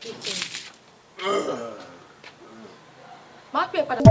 kitchen. Maaf ya pada...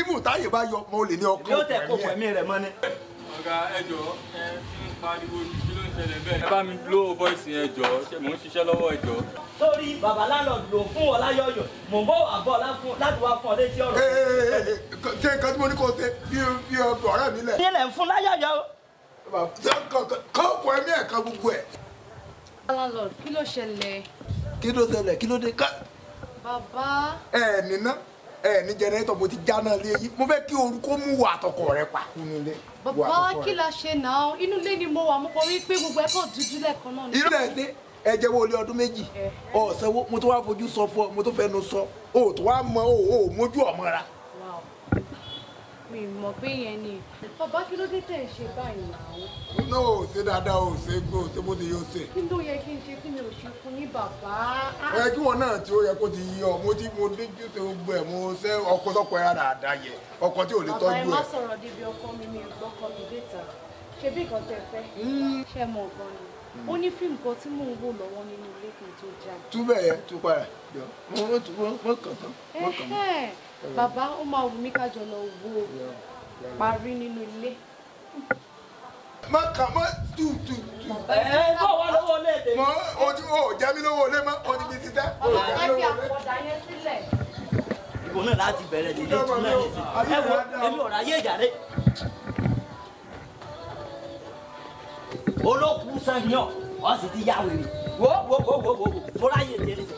ibù táyè bá yọ mo lè ní ọkọ yóò tẹ kó pẹ̀mí rẹ̀ mọ́ ni. ọ̀gá ẹjọ́ ẹ ń pariwo kí ló ń ṣẹlẹ̀ bẹ́ẹ̀. ẹ bá mi blow voice yẹn jọ mò ń ṣiṣẹ́ lọ́wọ́ ẹjọ́. sórí bàbá landlord lò fún ọ láyọyọ mò ń bọ àbọ láti wá fún ọ létí ọ̀rọ̀. ṣé nǹkan tí mo ní kó ṣe bí ọ̀dọ̀ ọ̀rẹ́ mi lẹ̀. yín lẹ̀ ń fún láyọyọ. kọ́ọ̀pù ẹ̀mí ẹ̀ka gbogbo ẹ̀. landlord kí ló ṣẹlẹ̀. kí ló ṣẹlẹ̀ kí ló dé Baba. bàbá. ẹ nínà ẹ ní jẹnẹrétọ̀ mo ti jáná lé yìí mo fẹ́ kí orúkọ mú wà àtọkọ rẹ pa nínú ilé. bàbá kí la ṣe náà inú ilé ni mo wà mo kọ rí pé gbogbo ẹ̀kọ́ dúdú lẹ́ẹ̀kan náà. irú ẹ̀ dé ẹ jẹ́ wo ilé ọdún méjì ọ̀sẹ̀ wo mo tó wá fojú sọ fún ọ mo tó fẹnu sọ o tó wá mọ o ò mójú ọmọ ra mi mọ̀ pé yẹn ni bàbá kí ló dé tẹ̀ ń ṣe báyìí náà. iná ò ṣe dáadáa ò ṣe gbó ṣe bó ti yóò ṣe. kí ló yẹ kí n ṣe fún mi ò ṣe fún yín bàbá. ẹ kí wọn náà tí ó yẹ kó ti yí ọ mo ti mo dójú tó gbọ ẹ mo ṣe ọkọ sọkọ ẹ rárá yẹ ọkọ tí ò lè tọ́jú ẹ. bàbá ẹ má sọ̀rọ̀ débi ọkọ mi mi gbọ́kọ mi déta ṣe bí nǹkan tẹ fẹ́ hmm. ṣe mọ̀ gan hmm. ó ní fíìmù kan tí mò ń wò lọ́wọ́ nínú ilé kan tó já. túbẹ̀ yẹ túpa yẹ jọ mo kàn tán mo kàn tán. Mm. bàbá ó máa wù mí kájọ lọ wo parí nínú ilé. má kà má tù tù tù. ẹ kó wá lówó lé tèmi. mọ ojú o jẹ mí lówó lé mọ ojú mi ti dá. ọmọ ẹ fi àpọ̀dà yẹn sílẹ̀. ìbò náà láti bẹ̀rẹ̀ nílé tún náà nísìnyí. ẹ wo èmi ò ráyè ìjàre. olókùú sanyọ ọ sì ti yá wèrè wo wo wo wo wo mo ráyè tẹ́lẹ̀ sí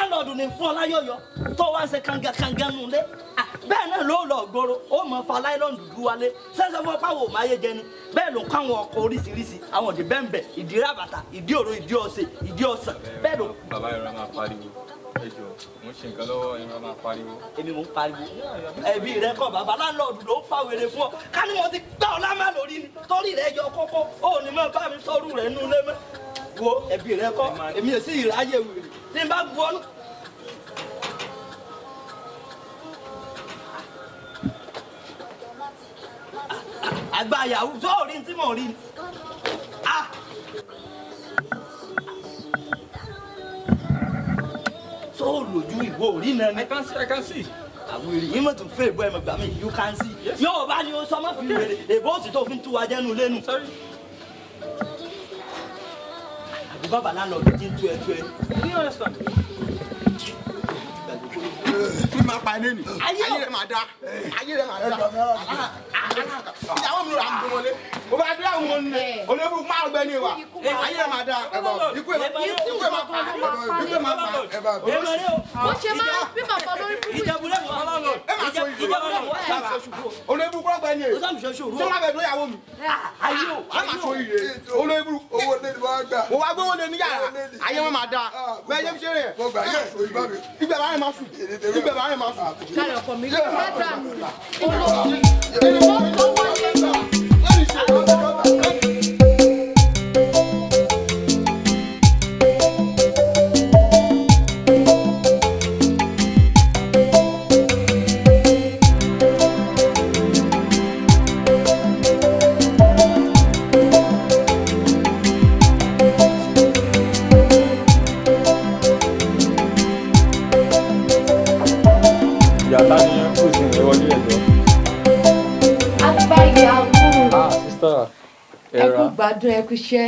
alálọ́ọ̀dù ní fún ọláyọ̀yọ̀ tó wá ń ṣe kàngàkàngàn nù lé ah, bẹ́ẹ̀ náà ló lọ gbòòrò ó mọ̀ fún aláìlọ́ọ̀dù dúdú wálé sẹ́sẹ́ fún pàwọ̀ máyé jẹ ni bẹ́ẹ̀ ló ń kọ́ àwọn ọkọ̀ oríṣiríṣi àwọn òdì bẹ́ẹ̀nbẹ́ ìdí rábàtà ìdí òró ìdí ọ̀sẹ̀ ìdí ọ̀sán bẹ́ẹ̀ ló. bàbá ìrora máa pariwo ẹjọ mo ń ṣe nǹkan lọ́wọ́ ìrora máa pariwo. èmi mò ń pariwo ẹbí rẹ kọ bàbá láńlọ́ọ̀dù ló ń fa wèrè fún ọ ká ní mo ti gbá ọ lámà lórí ni torí rẹ yọ kókó ó ní mọ bá mi sọrú rẹ nulẹ mọ wo ẹbí rẹ kọ èmi èsì ìráyè wèrè tí n bá bu ọ́nù. àgbà yahoo tó rí tí mò ń rí ni. tó lójú ìwọ orí náà ni. I can see, I can see àwọn èrè yín mọ̀ tó fẹ́ ìbọn ẹ̀mọ̀gbà mi you can see. yóò bá ní o sọmọ́ fi wèrè èbó òsì tó fi ń tú wa jẹ́nu lẹ́nu bàbá landlord ti ń tú ẹ tú ẹ. do you understand. kí máa pa ẹni nì. ayé rẹ máa da ayé rẹ máa da ìyàwó mi rà ń dun wọlé o bá dé àwọn ọmọ nìyẹn olóògùn máa gbẹ ní wa ayé rẹ máa da ikú ẹ máa pa ikú ẹ máa pa ikú ẹ máa pa. wọ́n ṣe máa bí bàbá lórí púpù ìjẹ́bùlẹ̀ mọ́ lọ́lọ́ ẹ máa sọ ìjẹ́bùlẹ̀ mọ́ ẹ máa sọ ṣùgbọ́n olóògùn kúrọ́gbẹ́ ni èyí tí wọ́n bẹ̀ dún ìyàwó mi ayé o ayé o olóògùn mo wá gbówó lé ní yàrá ayé wọn máa dáa ah, bẹ́ẹ̀ yẹn fi ṣeré yẹn. mo gbà yẹ òyìnbó mi. ibẹ̀ bá rẹ̀ máa sùn ibẹ̀ bá rẹ̀ máa sùn. Ah, kálí ọkọ mi ló ń bá dà mí. ẹkú gbádùn ẹkú iṣẹ́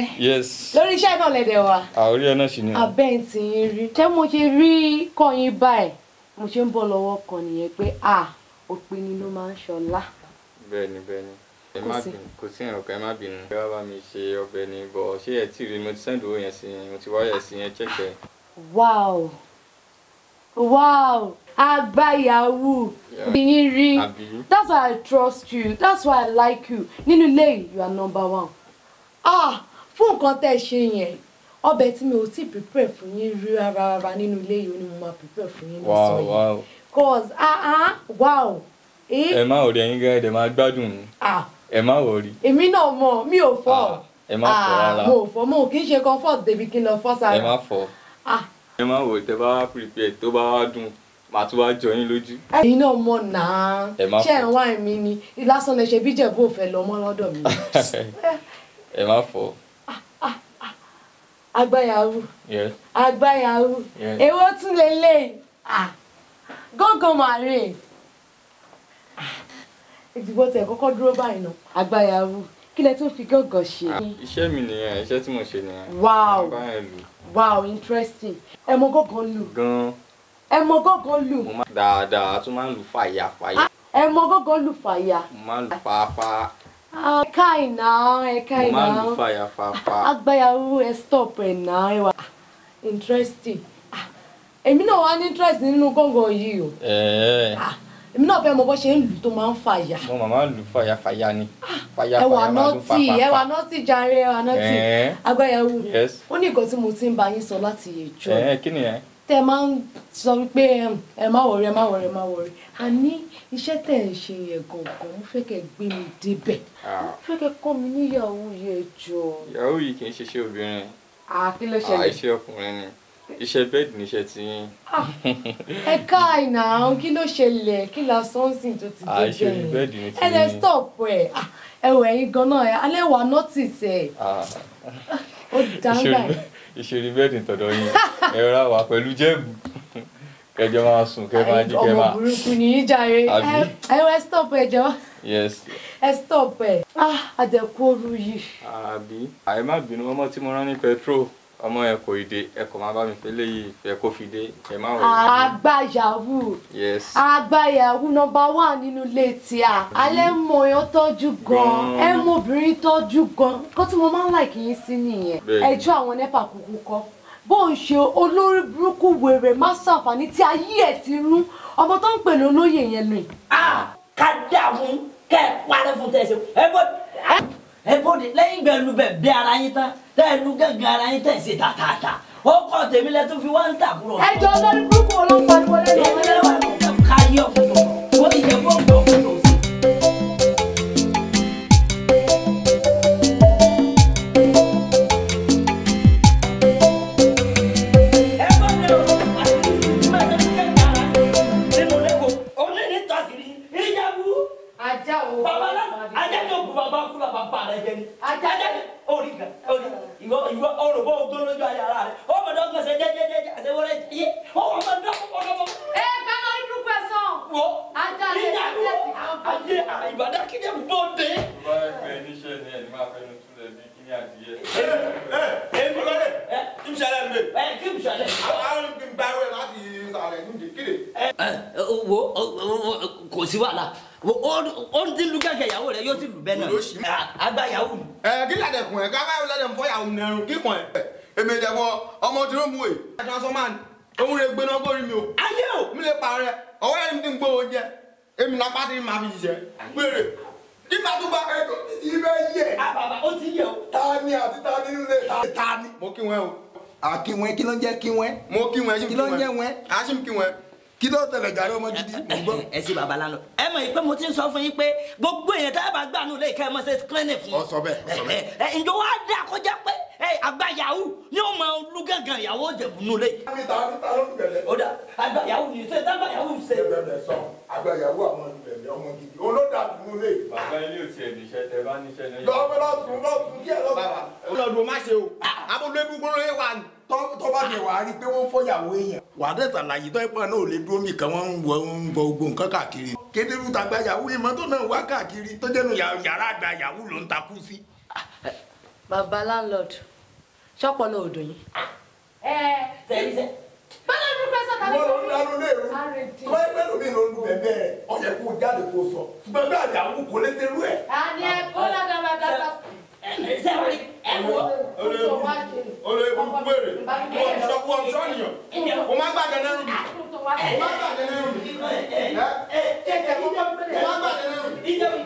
lórí iṣẹ́ náà lẹdẹ wa àórí ẹ náà sì ni abẹ́ ń ti ń rí tẹ́ mo ṣe rí kọyìn báyìí mo ṣe ń bọ̀ lọ́wọ́ kan nìyẹn pé a òpin ni ló máa ń ṣọlá. bẹ́ẹ̀ni bẹ́ẹ̀ni ẹ má bínú kò sí ìrànkọ ẹ má bínú. ẹ wá bá mi ṣe ọbẹ̀ ni bọ̀ ṣé ẹ tí rí mo ti sẹ́ńdì owó yẹn sí yẹn mo ti wáyà sí yẹn chẹ́kẹ̀. wow wow agbayawu yín rí that's why i trust you that's why i like you nínú ilé you are number one ah fún nǹkan tẹ́ ẹ ṣe yẹn ọbẹ̀ tí mi ò tí prepare fún yín rí rárá rárá nínú ilé yìí ni mo máa prepare fún yín lọ́sọ̀ yìí cause ah ah wow. ẹ má wọrí ẹ̀yin gan ẹ máa gbádùn mi ah. ẹ má wọrí. èmi náà mọ̀ mi ò fọ́ ah, ẹ má fọ́ ah, rárá mo ò fọ́ mo kì í ṣe comfort débi kí n lọ fọ́ sára ẹ má fọ́ ẹ má wọrí tẹ bá prepare tó bá wá dùn màá tún wá jọ yín lójú. ẹ̀yin náà mọ̀ náà ṣé ẹ̀ ń wá ẹ̀mí ni lásán lẹ ṣe bí jẹ̀bú ò fẹ́ lọ mọ́ lọ́dọ̀ mi. ẹ má fọ. agbáyàwó agbáyàwó èwo tún lè lè gángan màrí ìdìbò tẹ kọ́kọ́ dúró báyìí náà agbáyàwó kí lẹ tún fi gángan ṣe. Ah, iṣẹ́ mi nìyẹn iṣẹ́ tí mo ṣe nìyẹn. wow wow interesting ẹ mọ gángan lù. gan-an ẹ mọ gángan lù. dáadáa a tún máa ń lu fàyà fàyà. ẹ mọ gángan lù fàyà. mo máa ń lu fàáfà. ẹ̀ka ìná ẹ̀ka ìná. mo máa ń lu fàyà fàáfà. agbáyàwó ẹ stop ẹ ná ẹ wà. interesting èmi náà wá ní interest nínú gángan yìí o. èmi náà fẹ́ mọ bó ṣe ń lù tó máa ń fàyà. mo màmá lu fàyà fàyà ni. fàyà fàyà máa ń lu fàfà. ẹwà nọ́ọ̀tì jàre ẹwà nọ́ọ̀tì agbáyàwó. ó ní nǹkan tí mo ti tẹ́ ẹ máa ń sọ wípé ẹ má wọrí ẹ má wọrí ẹ má wọrí a ní iṣẹ́ tẹ̀ ń ṣe yẹn gangan mo fẹ́ kẹ́ gbé mi débẹ̀ ah. mo fẹ́ kẹ́ kọ́ mi níyàwó yẹn jọ. ìyàwó yìí kì í ṣiṣẹ́ obìnrin kí ló ṣẹlẹ̀ iṣẹ́ ọkùnrin ni iṣẹ́ bẹ́ẹ̀dì níṣẹ́ ti yín. Ah, ẹ ká ìnà àwọn kí ló ṣẹlẹ̀ kí la sọ́nsìn tó ti débẹ̀ ẹ lẹ stop ẹ ah, ẹ wọ ẹyin ganan ẹ alẹ́ wà nọ́tìsì ẹ ó dáńgbà ẹ ìṣeré bẹ́ẹ̀dì tọ̀dọ̀ yín ẹ̀rọ àwà pẹ̀lú jẹ́ẹ̀bù kẹjọ máa sùn kẹ máa jí kẹ máa. ọmọ burúkú ni yín jàre ẹ ẹ stop ẹ jọ ẹ stop ẹ ah àdẹ̀kú ooru yìí. àbí àyè má bínú ọmọ tí mo rán ní petrol ọmọ ẹ kò ìdè ẹ kò máa bá mi pé léyìí ẹ kò fìdé ẹ má wọ. àgbàyàwó àgbàyàwó nọ́mbà wà nínú ilé tí mm-hmm. alẹ́ mọ èèyàn tọ́jú gan ẹ mọ obìnrin tọ́jú gan kó tí mo máa ń like yín sí nìyẹn ẹjọ́ àwọn nẹ́pà kúkú kọ́ bó ń ṣe olórí burúkú wèrè má ṣàǹfààní tí ayé ẹ̀ ti rún ọmọ tó ń pè lólóyè yẹn lóyè. Ah! ká dà fún kẹ́ parẹ́ fún tẹ̀sán ẹ bọ́ ẹ bóde lẹ́yìn ìgbà ẹnu bẹ̀ bí ara yín tán tẹ́ ẹnu gángan ara yín tẹ̀ ṣe tàtàtà ó kọ́ tèmi lẹ tó fi wá ń tàkùrọ̀. ẹ jọ lórí burúkú olóńgbò ni mo lè lọ. èyí lẹ́wọ̀n kò ká yí ọ̀kùnrin mo ti jẹ́ fóònù ọ̀kùnrin òsì. Ajá wo. Babalá ajá tó kú bàbá kú bàbá pa rẹ jẹ ni ajá ajá orí kan orí ìwọ ìwọ olùkọ́ ògbó lójú ayé ara rẹ ó mọ̀ dọ́gbọ̀n ṣe jẹ́jẹ́jẹ́ àti wọlé yé ó mọ̀ dọ́gbọ̀n dọ́gbọ̀n. ẹ gbàgbọ́ ní burúkú ẹ sàn. wọ ajá lè ṣe ayé Ìbàdàn kí ni bọ́ọ̀dé. bá ẹ pè é níṣẹ́ ni ẹ̀ ní máa fẹ́ nu túlẹ̀ bí kí ni adìyẹ. ẹ ẹ ẹ ń bọ́ lọ́dẹ̀ ẹ kí n ṣàlẹ̀ mi. ẹ kí n ṣàlẹ̀. àwọn kí n bá wẹ̀ láti ṣàlẹ̀ ní ìdíkìlẹ̀. ẹ wo kò sí wàhálà wo ó ń ti lu gẹ́gẹ́ ìyàwó rẹ yóò sì lù bẹ́ẹ̀ náà ah, àgbà yahoo. ẹ kí ládẹ kun ẹ káká ládẹ fọ yahoo nẹrun kí kun ẹ. èmi ìdẹ̀fọ ọmọ tí ló mú e. transformer òun lè gbéná gbórí mi o. ayé o. mi lè parẹ́ ọwọ́ yẹn ti ń gbó oúnjẹ èmi náà pàtó máa fi jẹ gbére nígbà tó bá ẹ ti ti yẹ. àbàbà ah, ó ti yẹ o. tani àti tani nílé tani. mo kí wọn o. àkíwẹ́ kí ló ń jẹ́ kíwẹ́. mo kí wọn ẹ ṣì ń kí wọn. kí ló ń jẹ́ wọn. a ṣì ń kí wọn. kí ló ń tẹ̀lé jàre ọmọ gidi. ẹ ṣe bàbá lánàá mọ̀ yìí pé mo ti ń sọ fún yín pé gbogbo èèyàn tẹ́ bá gbà nù lè kẹ́ ṣe clinic fún. ọsọ bẹ́ẹ̀ ọsọ bẹ́ẹ̀. ǹjọ́ wa dà kó jẹ́ pé àgbà yahoo ni ó mọ olúgàngàn ìyàwó jẹ̀bù nù lé. àgbà yahoo ni ṣe tábà yahoo ṣe. ẹ bẹ̀rẹ̀ àgbà yahoo àwọn ọmọ gidi olódà nù lé. bàbá ilé ò ló má ṣe o abolo ah. ebu gbolo yẹ wa. tó bá kẹ wàá rí pé wọ́n fọ́yàwó èèyàn. wà á dẹ̀ tó ẹ náà ò lè dúró mi kan wọ́n ń wọ ń bọ gbogbo nǹkan káàkiri. kéderú tàgbà yahoo ìmọ̀tò náà wá káàkiri tó jẹ́nu yàrá àgbà yahoo ló ń takú sí. Ah, eh, landlord ṣọ́pọ̀ náà ò dùn yín. Eh, ẹ tẹ̀lé Ella